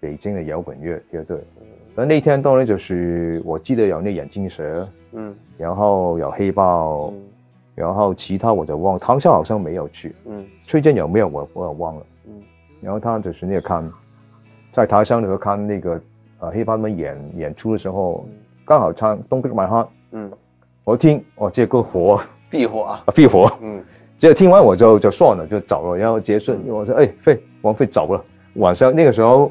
北京的搖滾樂樂隊嗱，那天到那就是我記得有那眼鏡蛇，嗯，然後有黑豹，然後其他我就忘，唐朝好像沒有去，嗯，崔健，有沒有我我也忘了，嗯，然後他就是那個看，在台上的時候看那個啊黑豹們演演出的時候，剛好唱《Don't Break My Heart》，嗯，我聽，哇，這個火，必火啊，啊必火，嗯，直接聽完我就就算了，就走了，然後結束。因為我說，哎，飛，王菲走了，晚上那個時候。